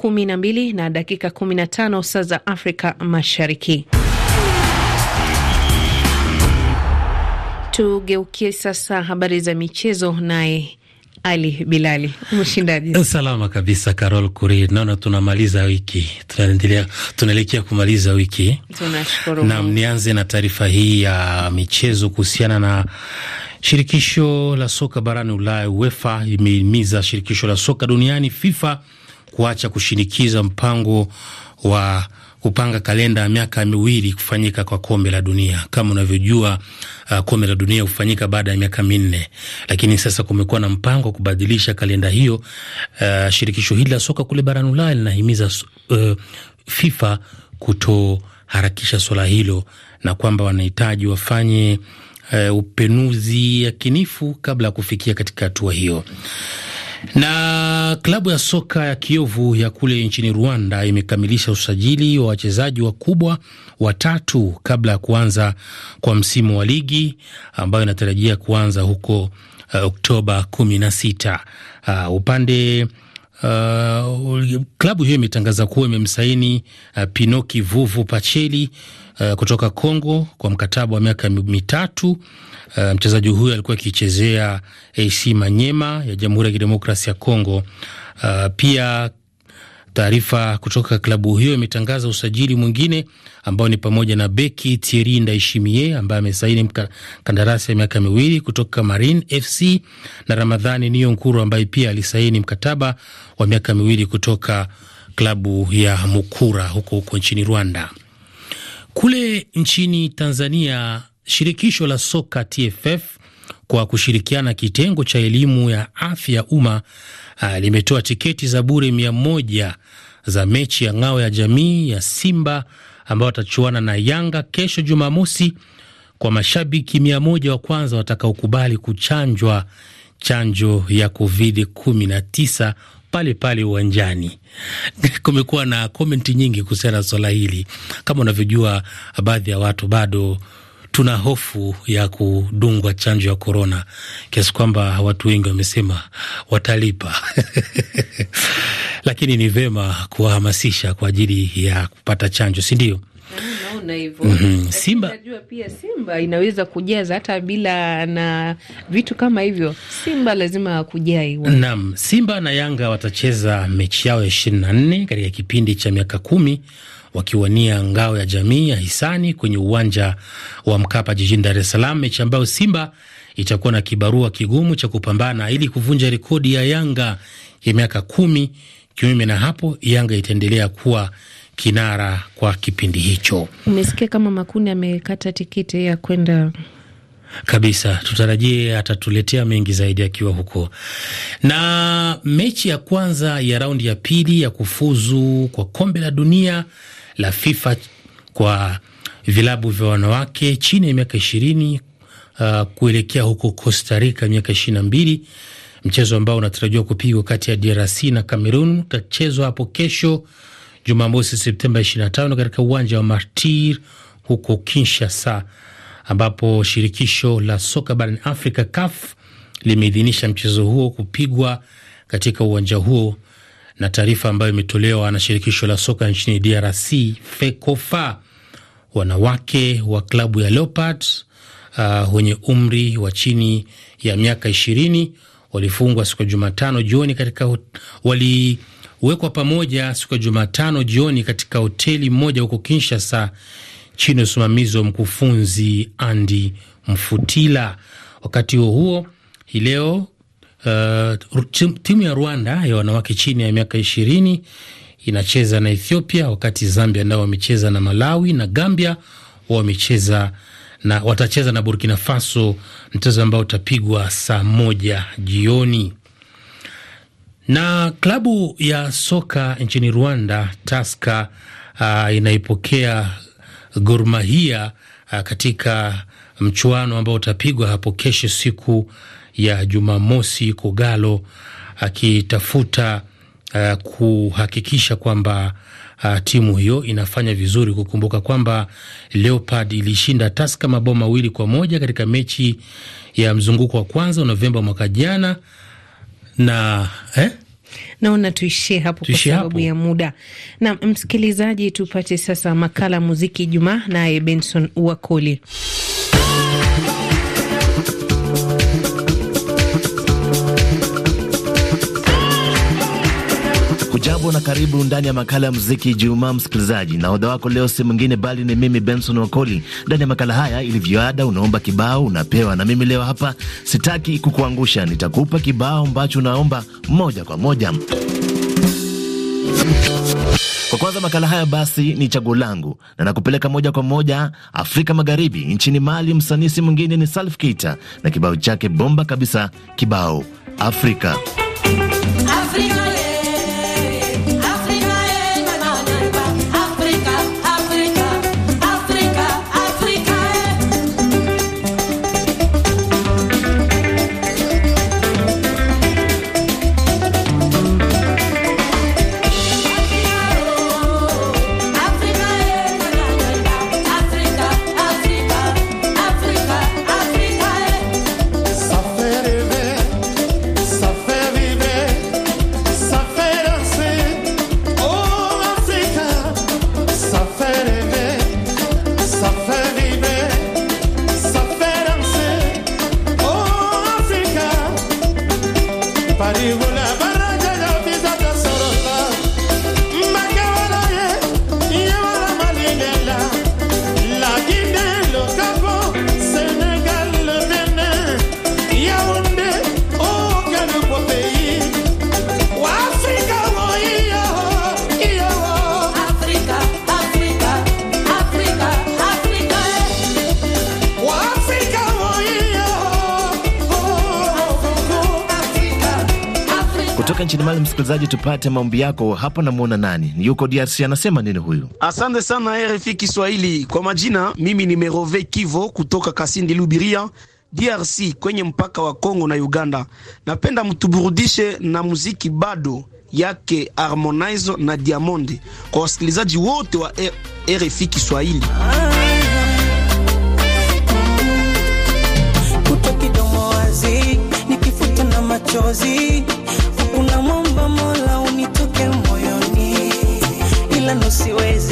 kumi na mbili na dakika kumi na tano saa za Afrika Mashariki. Tugeukie sasa habari za michezo, naye Ali Bilali, mshindaji salama kabisa. Carol Kuri, naona tunamaliza wiki, tunaendelea, tunaelekea kumaliza wiki. Tunashukuru. nianze na taarifa hii ya michezo kuhusiana na shirikisho la soka barani Ulaya. UEFA imehimiza shirikisho la soka duniani FIFA kuacha kushinikiza mpango wa kupanga kalenda ya miaka miwili kufanyika kwa kombe la dunia. Kama unavyojua, uh, kombe la dunia hufanyika baada ya miaka minne, lakini sasa kumekuwa na mpango wa kubadilisha kalenda hiyo. Uh, shirikisho hili la soka kule barani Ulaya linahimiza uh, FIFA kutoharakisha swala hilo na kwamba wanahitaji wafanye uh, upenuzi yakinifu kabla ya kufikia katika hatua hiyo. Na klabu ya soka ya Kiovu ya kule nchini Rwanda imekamilisha usajili wa wachezaji wakubwa watatu kabla ya kuanza kwa msimu wa ligi ambayo inatarajia kuanza huko uh, Oktoba kumi na sita. Uh, upande uh, klabu hiyo imetangaza kuwa imemsaini uh, Pinoki Vuvu Pacheli Eh, kutoka Congo kwa mkataba wa miaka mitatu. Uh, mchezaji huyo alikuwa akichezea AC Manyema ya Jamhuri ya Kidemokrasi ya Congo. Uh, eh, pia taarifa kutoka klabu hiyo imetangaza usajili mwingine ambao ni pamoja na beki Thierry Ndaishimie ambaye amesaini kandarasi ya miaka miwili kutoka Marine FC na Ramadhani Niyonkuru ambaye pia alisaini mkataba wa miaka miwili kutoka klabu ya Mukura huko huko nchini Rwanda. Kule nchini Tanzania, shirikisho la soka TFF kwa kushirikiana kitengo cha elimu ya afya ya umma ah, limetoa tiketi za bure mia moja za mechi ya ngao ya jamii ya Simba ambao watachuana na Yanga kesho Jumamosi kwa mashabiki mia moja wa kwanza watakaokubali kuchanjwa chanjo ya Covid 19 pale pale uwanjani. Kumekuwa na komenti nyingi kuhusiana na swala hili. Kama unavyojua, baadhi ya watu bado tuna hofu ya kudungwa chanjo ya korona, kiasi kwamba watu wengi wamesema watalipa lakini ni vema kuwahamasisha kwa ajili ya kupata chanjo, si ndio? Yaani naona hivyo mhm. Simba najua pia Simba inaweza kujaza hata bila na vitu kama hivyo, Simba lazima kujai. Naam, Simba na Yanga watacheza mechi yao ya ishirini na nne katika kipindi cha miaka kumi wakiwania ngao ya jamii ya hisani kwenye uwanja wa Mkapa jijini Dar es Salaam, mechi ambayo Simba itakuwa na kibarua kigumu cha kupambana ili kuvunja rekodi ya Yanga ya miaka kumi. Kinyume na hapo, Yanga itaendelea kuwa kinara kwa kipindi hicho. Umesikia kama Makundi amekata tiketi ya kwenda kabisa, tutarajie atatuletea mengi zaidi akiwa huko. Na mechi ya kwanza ya raundi ya pili ya kufuzu kwa kombe la dunia la FIFA kwa vilabu vya wanawake chini ya miaka ishirini uh, kuelekea huko Costa Rica miaka ishirini na mbili mchezo ambao unatarajiwa kupigwa kati ya DRC na Cameroon utachezwa hapo kesho Jumamosi Septemba 25 katika uwanja wa Martir huko Kinshasa, ambapo shirikisho la soka barani Afrika CAF limeidhinisha mchezo huo kupigwa katika uwanja huo, na taarifa ambayo imetolewa na shirikisho la soka nchini DRC FECOFA, wanawake wa klabu ya leopard uh, wenye umri wa chini ya miaka ishirini walifungwa siku ya Jumatano jioni katika wali huwekwa pamoja siku ya Jumatano jioni katika hoteli moja huko Kinshasa chini ya usimamizi wa mkufunzi andi Mfutila. Wakati huo huo, hii leo uh, timu ya Rwanda ya wanawake chini ya miaka ishirini inacheza na Ethiopia, wakati Zambia nao wamecheza na Malawi na Gambia wamecheza na watacheza na Burkina Faso, mchezo ambao utapigwa saa moja jioni. Na klabu ya soka nchini Rwanda Taska uh, inaipokea Gor Mahia uh, katika mchuano ambao utapigwa hapo kesho siku ya Jumamosi Kogalo akitafuta uh, uh, kuhakikisha kwamba uh, timu hiyo inafanya vizuri. Kukumbuka kwamba Leopard ilishinda Taska mabao mawili kwa moja katika mechi ya mzunguko wa kwanza wa Novemba mwaka jana na eh? Naona tuishie hapo kwa sababu ya muda. Na msikilizaji, tupate sasa makala muziki Jumaa naye Benson Wakoli. Ujambo na karibu ndani ya makala ya muziki Jumaa, msikilizaji. Nahodha wako leo si mwingine bali ni mimi Benson Wakoli. Ndani ya makala haya, ilivyoada, unaomba kibao unapewa, na mimi leo hapa sitaki kukuangusha, nitakupa kibao ambacho unaomba moja kwa moja. Kwa kwanza makala haya basi ni chaguo langu, na nakupeleka moja kwa moja Afrika Magharibi, nchini Mali. Msanii si mwingine ni Salif Keita na kibao chake bomba kabisa, kibao Afrika, Afrika. Mali msikilizaji, tupate maombi yako hapa. Namwona nani yuko DRC anasema nini huyu? Asante sana RFI Kiswahili. Kwa majina, mimi ni Merove Kivo kutoka Kasindi Lubiria, DRC, kwenye mpaka wa Congo na Uganda. Napenda mtuburudishe na muziki bado yake Harmonize na Diamond kwa wasikilizaji wote wa e- RFI Kiswahili. Kuto kidomo wazi nikifuta na machozi ila nusiwezi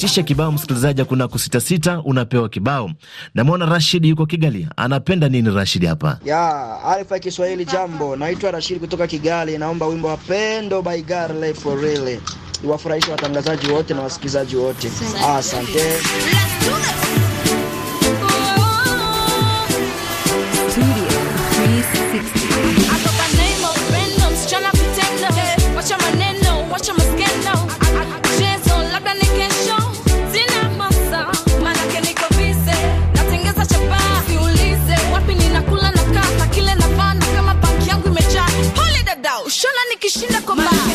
Ukiitisha kibao, msikilizaji, kuna kusitasita, unapewa kibao. Namwona Rashid yuko Kigali, anapenda nini Rashid hapa ya Alfa Kiswahili? Jambo, naitwa Rashid kutoka Kigali, naomba wimbo pendo by Garley for real iwafurahishe watangazaji wote na wasikilizaji wote, asante.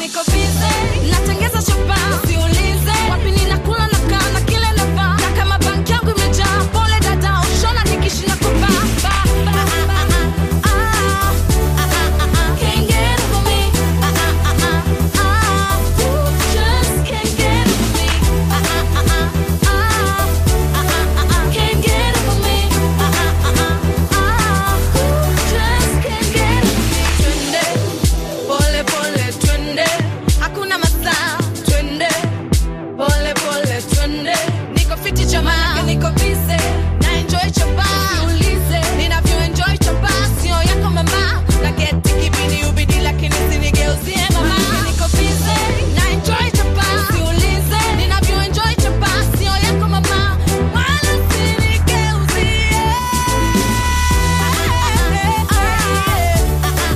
único fin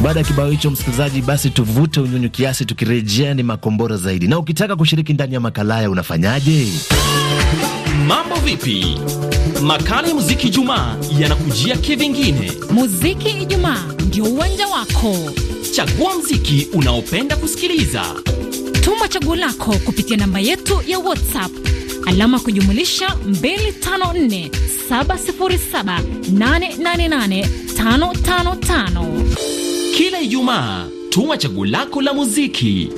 Baada ya kibao hicho, msikilizaji, basi tuvute unyunyu kiasi, tukirejea ni makombora zaidi. Na ukitaka kushiriki ndani ya makala haya unafanyaje? Mambo vipi? Makala ya muziki Ijumaa yanakujia kivingine. Muziki Ijumaa ndio uwanja wako. Chagua muziki unaopenda kusikiliza, tuma chaguo lako kupitia namba yetu ya WhatsApp alama kujumulisha 254 707 888 555. Kila Ijumaa tuma chaguo lako la muziki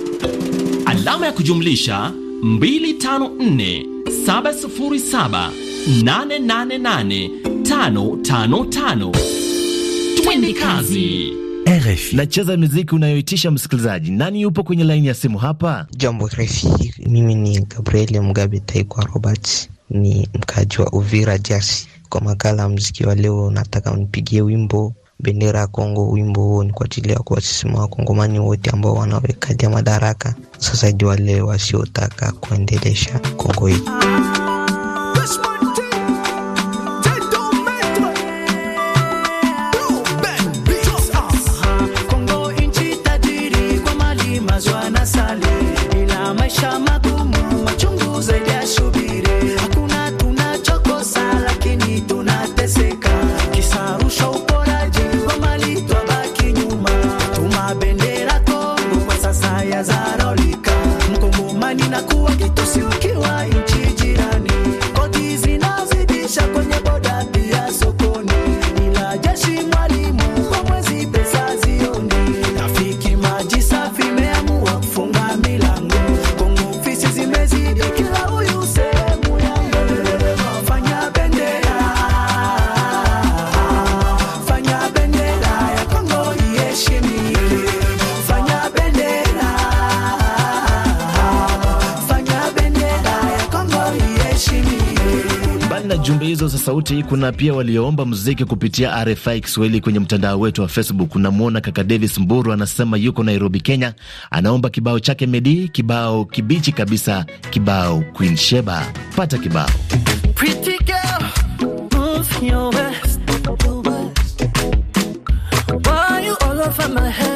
alama ya kujumlisha 254 Twende kazi. RFI nacheza muziki unayoitisha msikilizaji. Nani yupo kwenye laini ya simu hapa? Jambo RFI, mimi ni Gabriel Mugabe Taikwa Robert, ni mkaji wa Uvira Jasi. Kwa makala ya muziki wa leo, nataka unipigie wimbo bendera ya Kongo. Wimbo huo ni kwa ajili ya kuwasisimua wakongomani wote ambao wanawekalia madaraka sasa, juu wale wasiotaka kuendelesha Kongo hii. sauti. Kuna pia walioomba muziki kupitia RFI Kiswahili kwenye mtandao wetu wa Facebook. unamwona kaka Davis Mburu anasema yuko Nairobi, Kenya, anaomba kibao chake Medi, kibao kibichi kabisa, kibao Queen Sheba. Pata kibao my head?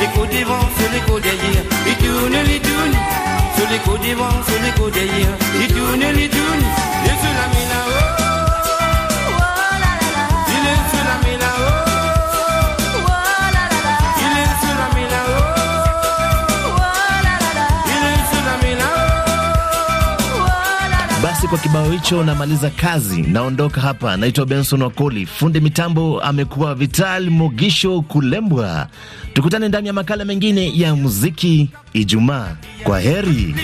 l'écho devant, sur l'écho derrière, il tourne, les tourne, sur l'écho devant, sur les derrière, il tourne, il les et la basi kwa kibao hicho namaliza kazi, naondoka hapa. Naitwa Benson Wakoli, fundi mitambo amekuwa Vital mogisho Kulembwa. Tukutane ndani ya makala mengine ya muziki Ijumaa. Kwa heri.